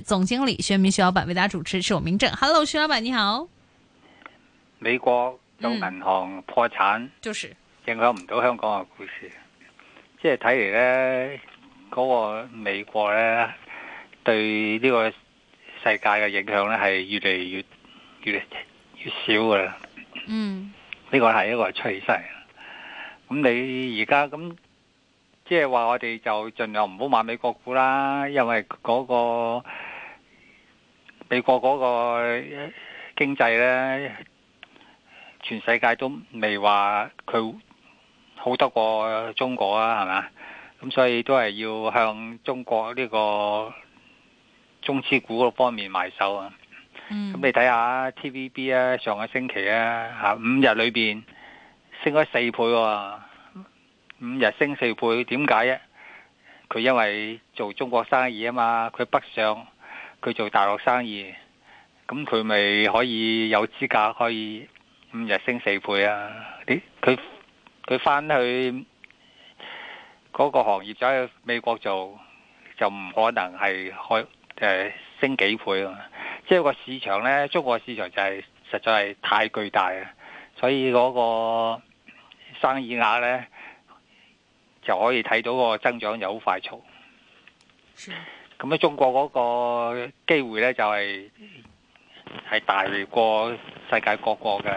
總經理徐潤民徐老闆為大家主持，是我明正。Hello，徐老闆你好。美國有銀行破產，嗯、就是影響唔到香港嘅股市。即係睇嚟呢，嗰、那個美國呢，對呢個世界嘅影響呢，係越嚟越越嚟越少噶啦、嗯。嗯，呢個係一個趨勢。咁你而家咁即係話我哋就盡量唔好買美國股啦，因為嗰、那個。美國嗰個經濟咧，全世界都未話佢好得過中國啊，係嘛？咁所以都係要向中國呢個中資股方面埋手啊。咁、嗯、你睇下 TVB 啊，上個星期啊，吓五日裏邊升咗四倍喎、啊，五日升四倍，點解咧？佢因為做中國生意啊嘛，佢北上。佢做大陸生意，咁佢咪可以有資格可以五日升四倍啊？佢佢翻去嗰個行業走去美國做，就唔可能係開誒升幾倍啊！即係個市場呢，中國市場就係實在係太巨大啊！所以嗰個生意額呢，就可以睇到個增長又好快速。咁咧，中國嗰個機會咧就係、係、係大過世界各國嘅，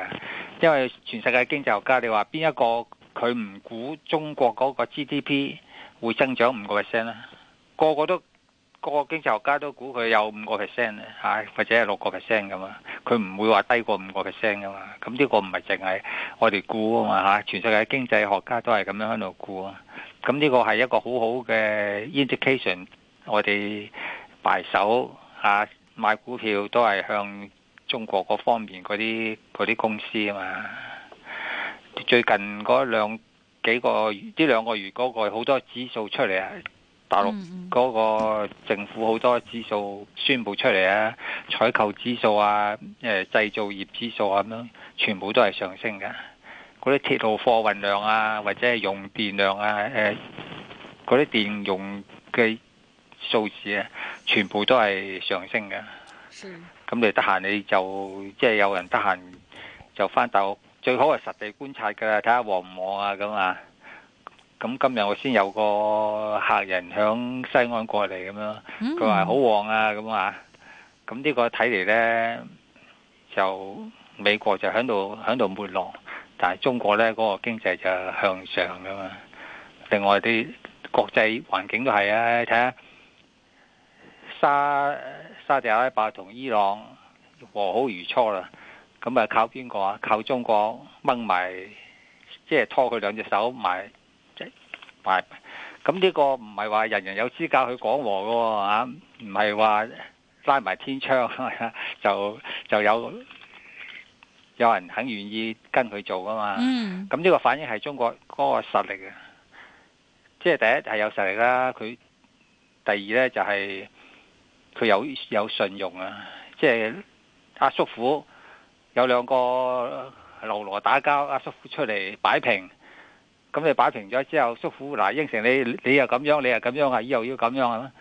因為全世界經濟學家，你話邊一個佢唔估中國嗰個 GDP 會增長五個 percent 咧？個個都個個經濟學家都估佢有五個 percent 啊，或者係六個 percent 咁啊，佢唔會話低過五個 percent 噶嘛？咁呢個唔係淨係我哋估啊嘛嚇，全世界經濟學家都係咁樣喺度估啊，咁呢個係一個好好嘅 indication。我哋擺手啊，買股票都係向中國嗰方面嗰啲嗰啲公司啊嘛。最近嗰兩幾個月，呢兩個月嗰個好多指數出嚟啊，大陸嗰個政府好多指數宣布出嚟啊，採購指數啊，誒製造業指數啊咁樣，全部都係上升嘅。嗰啲鐵路貨運量啊，或者係用電量啊，誒嗰啲電用嘅。數字啊，全部都係上升嘅。咁是你得閒你就即係、就是、有人得閒就返大陸，最好係實地觀察噶啦，睇下旺唔旺啊咁啊。咁今日我先有個客人響西安過嚟咁樣，佢話好旺啊咁啊。咁呢個睇嚟呢，就美國就響度響度沒落，但係中國呢，嗰、那個經濟就向上噶嘛。另外啲國際環境都係啊，睇下。沙沙地阿拉伯同伊朗和好如初啦，咁啊靠邊個啊？靠中國掹埋，即係拖佢兩隻手埋，即係埋。咁呢個唔係話人人有資格去講和嘅，吓唔係話拉埋天窗 就就有有人肯願意跟佢做噶嘛？咁呢、mm. 個反映係中國嗰個實力嘅，即係第一係有實力啦。佢第二呢就係。佢有有信用啊！即係阿叔父有兩個流羅打交，阿叔父出嚟擺平，咁你擺平咗之後，叔父嗱應承你，你又咁樣，你又咁樣啊，以後要咁樣啊！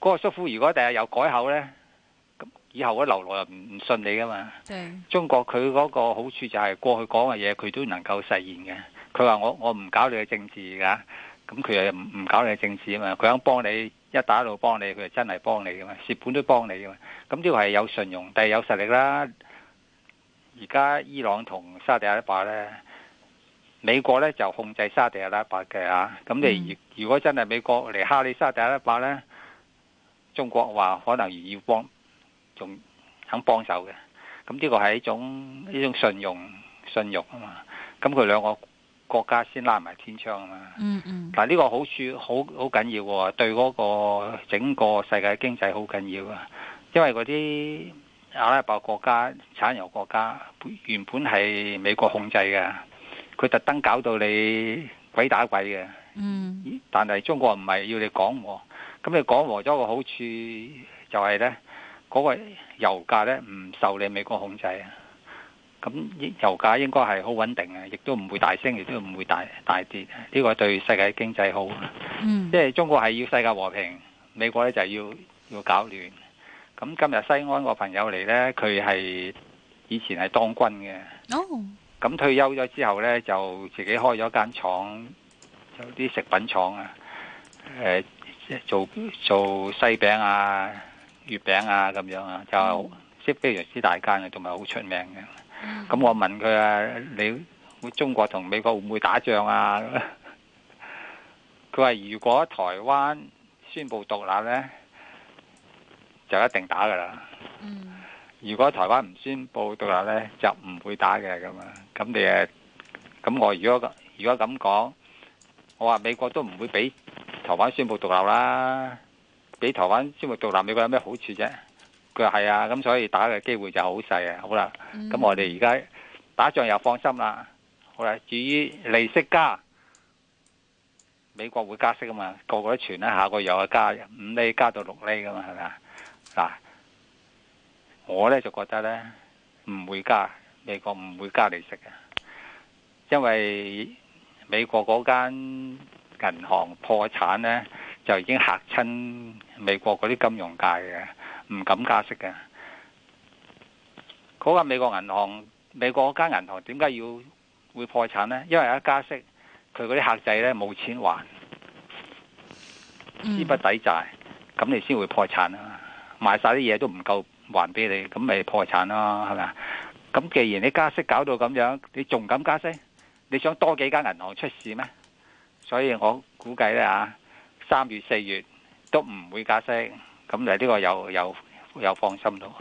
嗰個叔父如果第日有改口呢，咁以後嘅流羅又唔唔信你噶嘛？中國佢嗰個好處就係過去講嘅嘢，佢都能夠實現嘅。佢話我我唔搞你嘅政治噶，咁佢又唔唔搞你嘅政治啊嘛，佢肯幫你。一打到幫你，佢就真係幫你噶嘛，蝕本都幫你噶嘛。咁呢個係有信用，但係有實力啦。而家伊朗同沙地阿拉伯呢，美國呢就控制沙地阿拉伯嘅嚇。咁你如果真係美國嚟蝦你沙地阿拉伯呢，中國話可能要幫，仲肯幫手嘅。咁呢個係一種一種信用、信用啊嘛。咁佢兩個。國家先拉埋天窗啊嘛，但係呢個好處好好緊要，哦，對嗰個整個世界經濟好緊要啊！因為嗰啲阿拉伯國家產油國家原本係美國控制嘅，佢特登搞到你鬼打鬼嘅。但係中國唔係要你講和，咁你講和咗個好處就係呢嗰個油價呢，唔受你美國控制啊！咁油價應該係好穩定嘅，亦都唔會大升，亦都唔會大大跌。呢個對世界經濟好。即係、嗯、中國係要世界和平，美國咧就要要搞亂。咁今日西安個朋友嚟呢，佢係以前係當軍嘅。咁、哦、退休咗之後呢，就自己開咗間廠，有啲食品廠啊，呃、做做西餅啊、月餅啊咁樣啊，就即非常之大間嘅，同埋好出名嘅。咁我問佢啊，你會中國同美國會唔會打仗啊？佢 話如果台灣宣布獨立呢，就一定打噶啦。嗯，如果台灣唔宣布獨立呢，就唔會打嘅咁啊。咁你誒，咁我如果如果咁講，我話美國都唔會俾台灣宣布獨立啦。俾台灣宣布獨立，美國有咩好處啫？佢係啊，咁所以打嘅機會就好細啊。好啦，咁我哋而家打仗又放心啦。好啦，至於利息加，美國會加息啊嘛，個個都傳啦，下個月又加五厘加到六厘噶嘛，係咪啊？嗱，我呢就覺得呢唔會加，美國唔會加利息嘅，因為美國嗰間銀行破產呢就已經嚇親美國嗰啲金融界嘅。唔敢加息嘅，嗰個美國銀行，美國嗰間銀行點解要會破產呢？因為一加息，佢嗰啲客仔呢冇錢還，資不抵債，咁你先會破產啦，啊。賣晒啲嘢都唔夠還俾你，咁咪破產啦，係咪啊？咁既然你加息搞到咁樣，你仲敢加息？你想多幾間銀行出事咩？所以我估計呢，啊，三月四月都唔會加息。咁就呢個又又又放心到。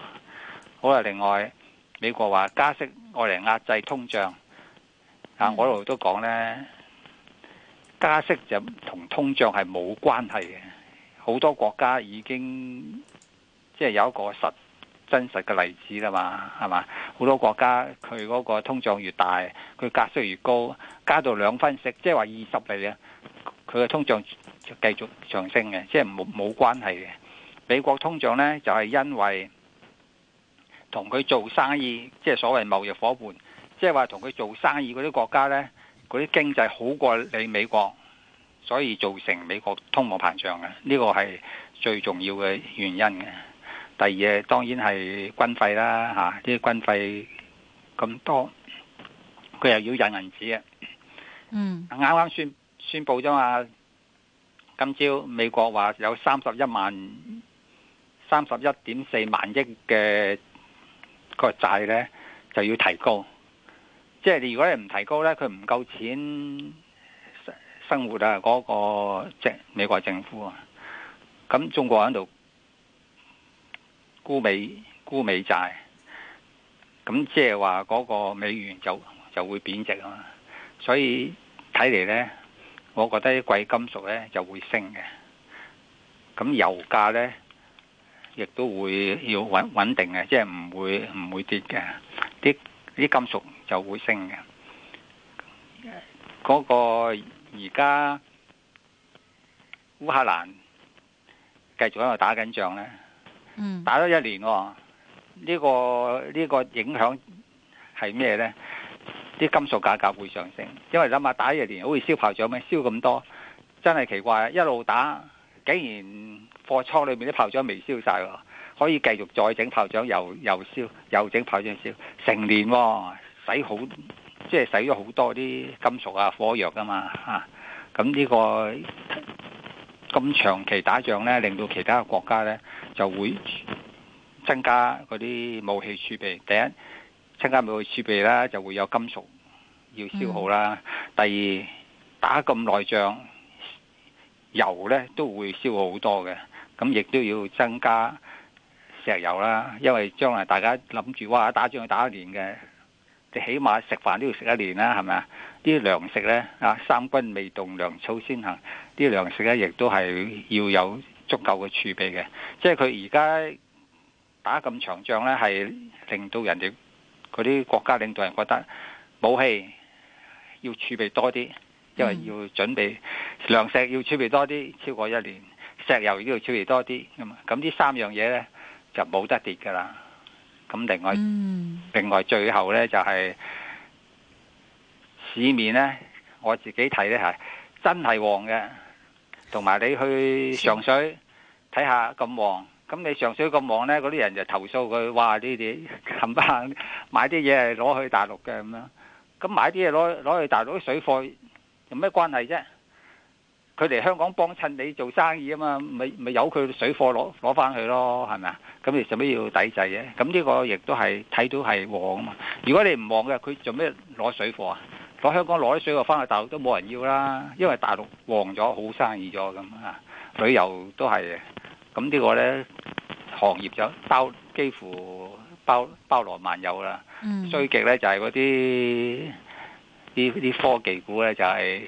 好啦，另外美國話加息用嚟壓制通脹。啊、嗯，我一路都講呢，加息就同通脹係冇關係嘅。好多國家已經即係、就是、有一個實真實嘅例子啦嘛，係嘛？好多國家佢嗰個通脹越大，佢加息越高，加到兩分息，即係話二十釐啊，佢嘅通脹就繼續上升嘅，即係冇冇關係嘅。美國通脹呢，就係、是、因為同佢做生意，即係所謂貿易伙伴，即係話同佢做生意嗰啲國家呢，嗰啲經濟好過你美國，所以造成美國通貨膨脹嘅。呢、這個係最重要嘅原因嘅。第二，當然係軍費啦嚇，啲、啊、軍費咁多，佢又要印銀紙啊。嗯，啱啱宣宣佈咗嘛，今朝美國話有三十一萬。三十一點四萬億嘅國債呢，就要提高，即係你如果你唔提高呢，佢唔夠錢生活啊！嗰、嗰個政美國政府啊，咁中國喺度沽美沽美債，咁即係話嗰個美元就就會貶值咯。所以睇嚟呢，我覺得啲貴金屬呢就會升嘅，咁油價呢。亦都會要穩穩定嘅，即係唔會唔會跌嘅。啲啲金屬就會升嘅。嗰個而家烏克蘭繼續喺度打緊仗咧，打咗一年喎。呢個呢個影響係咩咧？啲金屬價格會上升，因為諗下打一年好似燒炮仗咁，燒咁多，真係奇怪。一路打竟然～貨倉裏面啲炮仗未燒晒喎，可以繼續再整炮仗，又又燒，又整炮仗燒，成年喎、喔，使好即係使咗好多啲金屬啊火藥啊嘛嚇，咁、啊、呢、這個咁長期打仗呢，令到其他國家呢就會增加嗰啲武器儲備。第一增加武器儲備啦，就會有金屬要消耗啦；嗯、第二打咁耐仗，油呢都會消耗好多嘅。咁亦都要增加石油啦，因為將來大家諗住哇，打仗要打一年嘅，你起碼食飯都要食一年啦，係咪啊？啲糧食咧啊，三軍未動，糧草先行，啲糧食咧亦都係要有足夠嘅儲備嘅。即係佢而家打咁長仗咧，係令到人哋嗰啲國家領導人覺得武器要儲備多啲，因為要準備糧食要儲備多啲，超過一年。石油呢度少啲多啲咁啊，咁呢三樣嘢咧就冇得跌噶啦。咁另外另外最後咧就係市面咧，我自己睇咧係，真係旺嘅。同埋你去上水睇下咁旺，咁你上水咁旺咧，嗰啲人就投訴佢，哇呢啲冚巴冷，買啲嘢係攞去大陸嘅咁樣，咁買啲嘢攞攞去大陸啲水貨有咩關係啫？佢哋香港幫襯你做生意啊嘛，咪咪由佢水貨攞攞翻去咯，係咪啊？咁你做咩要抵制嘅？咁呢個亦都係睇到係旺啊嘛。如果你唔旺嘅，佢做咩攞水貨啊？攞香港攞啲水貨翻去大陸都冇人要啦，因為大陸旺咗，好生意咗咁啊。旅遊都係咁呢個咧，行業就包幾乎包包羅萬有啦。最極咧就係嗰啲啲啲科技股咧就係、是。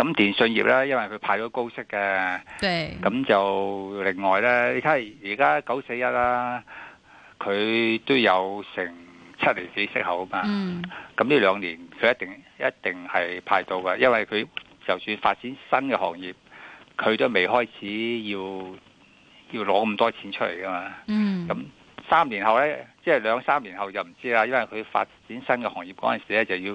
咁電信業咧，因為佢派咗高息嘅，咁對就另外呢。你睇而家九四一啦，佢都有成七釐幾息口啊嘛，咁呢、嗯、兩年佢一定一定係派到嘅，因為佢就算發展新嘅行業，佢都未開始要要攞咁多錢出嚟噶嘛，咁、嗯、三年後呢，即係兩三年後就唔知啦，因為佢發展新嘅行業嗰陣時咧就要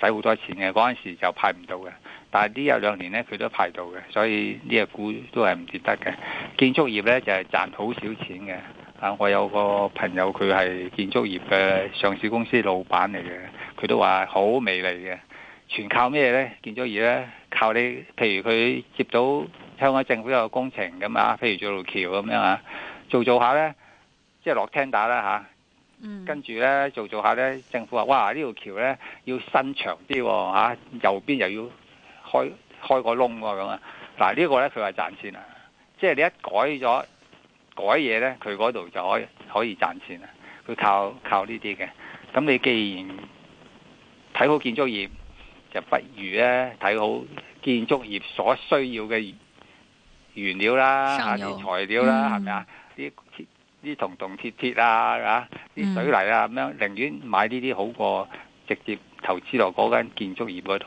使好多錢嘅嗰陣時就派唔到嘅，但係呢一兩年呢，佢都派到嘅，所以呢個股都係唔值得嘅。建築業呢，就係、是、賺好少錢嘅。啊，我有個朋友佢係建築業嘅上市公司老闆嚟嘅，佢都話好微利嘅。全靠咩呢？建築業呢，靠你，譬如佢接到香港政府有個工程咁啊，譬如做路橋咁樣啊，做做下呢，即係落聽打啦嚇。嗯、跟住呢，做做下呢政府話：哇，條橋呢條橋呢要伸長啲喎、哦啊，右邊又要開開個窿喎、哦，咁啊！嗱，呢個呢，佢話賺錢啊，即係你一改咗改嘢呢，佢嗰度就可以可以賺錢啊！佢靠靠呢啲嘅。咁你既然睇好建築業，就不如呢睇好建築業所需要嘅原料啦，有材料啦，係咪啊？啲啲銅銅鐵鐵啊，嚇啲水泥啊咁樣，寧願買呢啲好過直接投資落嗰間建築業嗰度。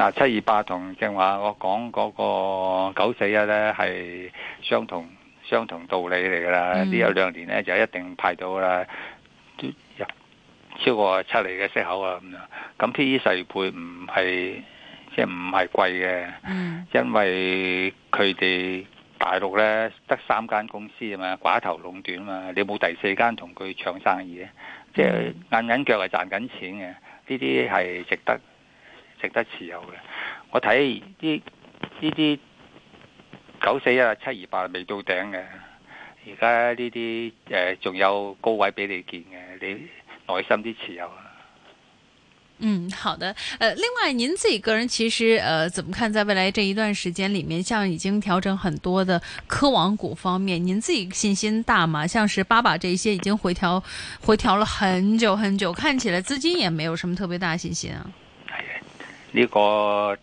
嗱，七二八同正話我講嗰個九四一咧，係相同相同道理嚟噶啦，呢有、嗯、兩年咧就一定派到啦，都入超過七厘嘅息口啊咁樣。咁 P E 十倍唔係即係唔係貴嘅，嗯、因為佢哋大陸咧得三間公司啊嘛，寡頭壟斷啊嘛，你冇第四間同佢搶生意咧，嗯、即係硬忍腳係賺緊錢嘅，呢啲係值得。值得持有嘅，我睇啲呢啲九四一七二八未到頂嘅，而家呢啲誒仲有高位俾你見嘅，你耐心啲持有啊。嗯，好的。誒，另外，您自己個人其實誒、呃，怎麼看在未來這一段時間裡面，像已經調整很多的科網股方面，您自己信心大嗎？像是八把這些已經回調回調了很久很久，看起來資金也沒有什麼特別大信心啊。呢個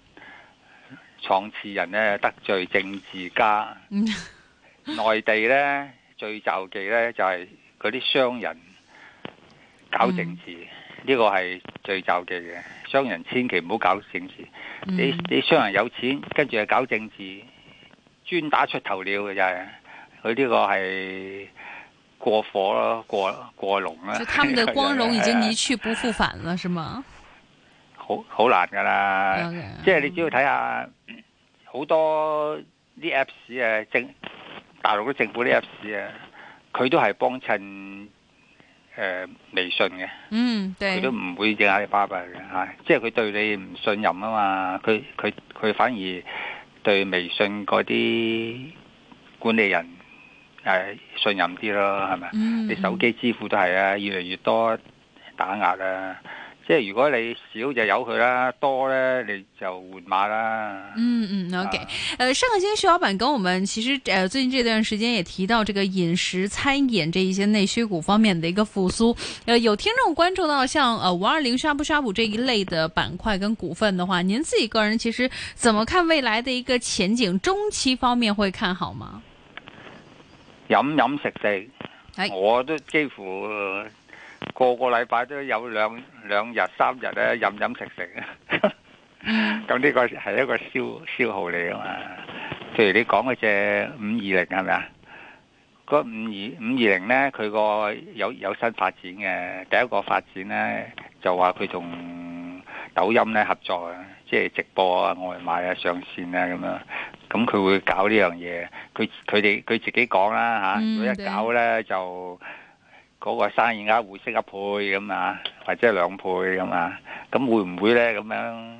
創始人咧得罪政治家， 內地咧最忌呢就忌咧就係嗰啲商人搞政治，呢、嗯、個係最就忌嘅。商人千祈唔好搞政治，嗯、你你商人有錢跟住又搞政治，專打出頭鳥就係佢，呢個係過火咯，過過龍啦。就他們嘅光榮已經一去不復返了，是嗎？好好難噶啦，即係你只要睇下好多啲 apps 啊，政大陸啲政府啲 apps 啊，佢都係幫襯誒微信嘅，嗯，佢都唔會借阿里巴巴嘅吓，即係佢對你唔信任啊嘛，佢佢佢反而對微信嗰啲管理人誒信任啲咯，係咪？你手機支付都係啊，越嚟越多打壓啊。即係如果你少就由佢啦，多咧你就換馬啦。嗯嗯、啊、，OK、呃。誒，上個星期徐老闆跟我們其實誒、呃、最近這段時間也提到，這個飲食餐飲這一些內需股方面的一個復蘇。誒、呃，有聽眾關注到像誒五二零呷哺呷哺這一類的板塊跟股份的話，您自己個人其實怎麼看未來的一個前景？中期方面會看好嗎？飲飲食食，哎、我都幾乎。個個禮拜都有兩兩日三日咧飲飲食食，咁 呢個係一個消消耗嚟噶嘛？譬如你講嗰隻五二零係咪啊？嗰五二五二零咧，佢個有有新發展嘅，第一個發展咧就話佢同抖音咧合作啊，即係直播啊、外賣啊、上線啊咁樣，咁佢會搞呢樣嘢。佢佢哋佢自己講啦吓，佢、啊嗯、一搞咧對就。嗰個生意而家會升一倍咁啊，或者兩倍咁啊，咁會唔會呢？咁樣？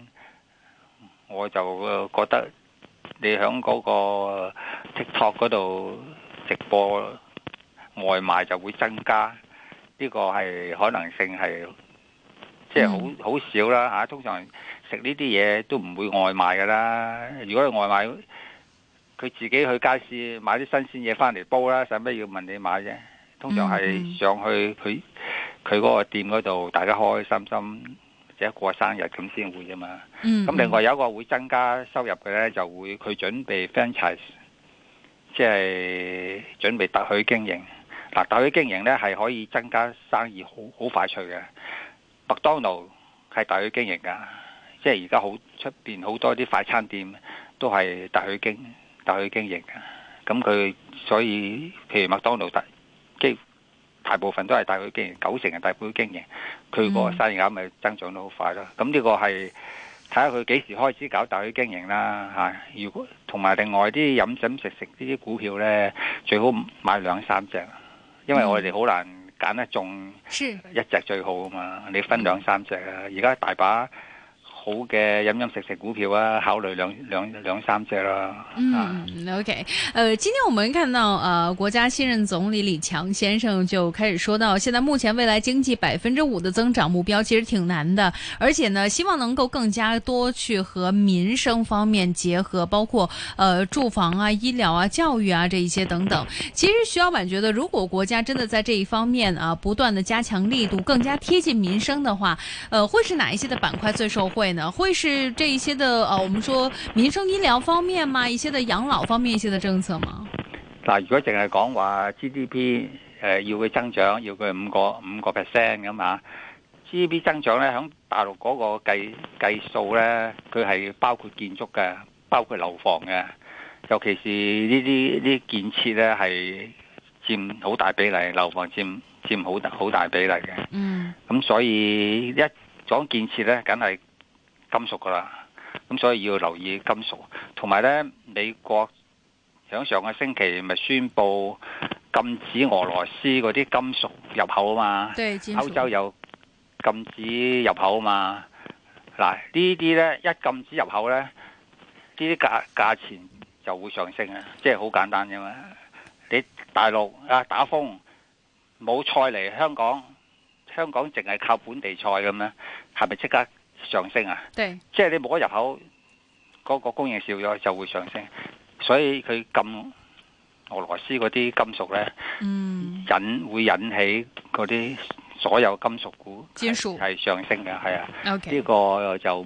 我就覺得你喺嗰個 TikTok 嗰度直播外賣就會增加，呢、這個係可能性係即係好好少啦嚇。通常食呢啲嘢都唔會外賣噶啦，如果係外賣，佢自己去街市買啲新鮮嘢返嚟煲啦，使乜要問你買啫？通常係上去佢佢嗰個店嗰度，大家開開心心，即係過生日咁先會啫嘛。咁、mm hmm. 另外有一個會增加收入嘅，呢就會佢準備 franchise，即係準備特許經營。嗱，特許經營呢係可以增加生意，好好快脆嘅。麥當勞係特許經營噶，即係而家好出面好多啲快餐店都係特許經特許經營嘅。咁佢所以譬如麥當勞特許。大部分都係大區經營，九成係大區經營，佢個生意額咪增長得好快咯。咁呢個係睇下佢幾時開始搞大區經營啦嚇。如果同埋另外啲飲飲食食呢啲股票呢，最好買兩三隻，因為我哋好難揀得中一隻最好啊嘛。你分兩三隻啊，而家大把。好嘅，飲飲食食股票啊，考慮兩兩兩三隻啦。嗯，OK，呃，今天我們看到，呃，國家新任總理李強先生就開始說到，現在目前未來經濟百分之五的增長目標其實挺難的，而且呢，希望能夠更加多去和民生方面結合，包括呃住房啊、醫療啊、教育啊這一些等等。其實徐老闆覺得，如果國家真的在這一方面啊不斷的加強力度，更加貼近民生的話，呃，會是哪一些的板塊最受惠呢？會是這一些的，呃、啊，我們說民生醫療方面嘛，一些的養老方面一些的政策嘛。嗱，如果淨係講話 GDP，誒，要佢增長，要佢五個五個 percent 咁啊。GDP 增長咧，響大陸嗰個計計，計數咧，佢係包括建築嘅，包括樓房嘅，尤其是建設呢啲呢建設咧，係佔好大比例，樓房占占好大好大比例嘅。嗯，咁、嗯、所以一講建設咧，梗係。金屬噶啦，咁所以要留意金屬。同埋呢，美國響上個星期咪宣布禁止俄羅斯嗰啲金屬入口啊嘛，歐洲又禁止入口啊嘛。嗱，呢啲呢一禁止入口呢，呢啲價價錢就會上升啊，即係好簡單啫嘛。你大陸啊打風冇菜嚟香港，香港淨係靠本地菜咁咧，係咪即刻？上升啊！對即係你冇咗入口，嗰、嗰個供應少咗就會上升，所以佢禁俄羅斯嗰啲金屬呢，嗯、引會引起嗰啲所有金屬股係屬上升嘅，係啊，呢 Okay. 個就。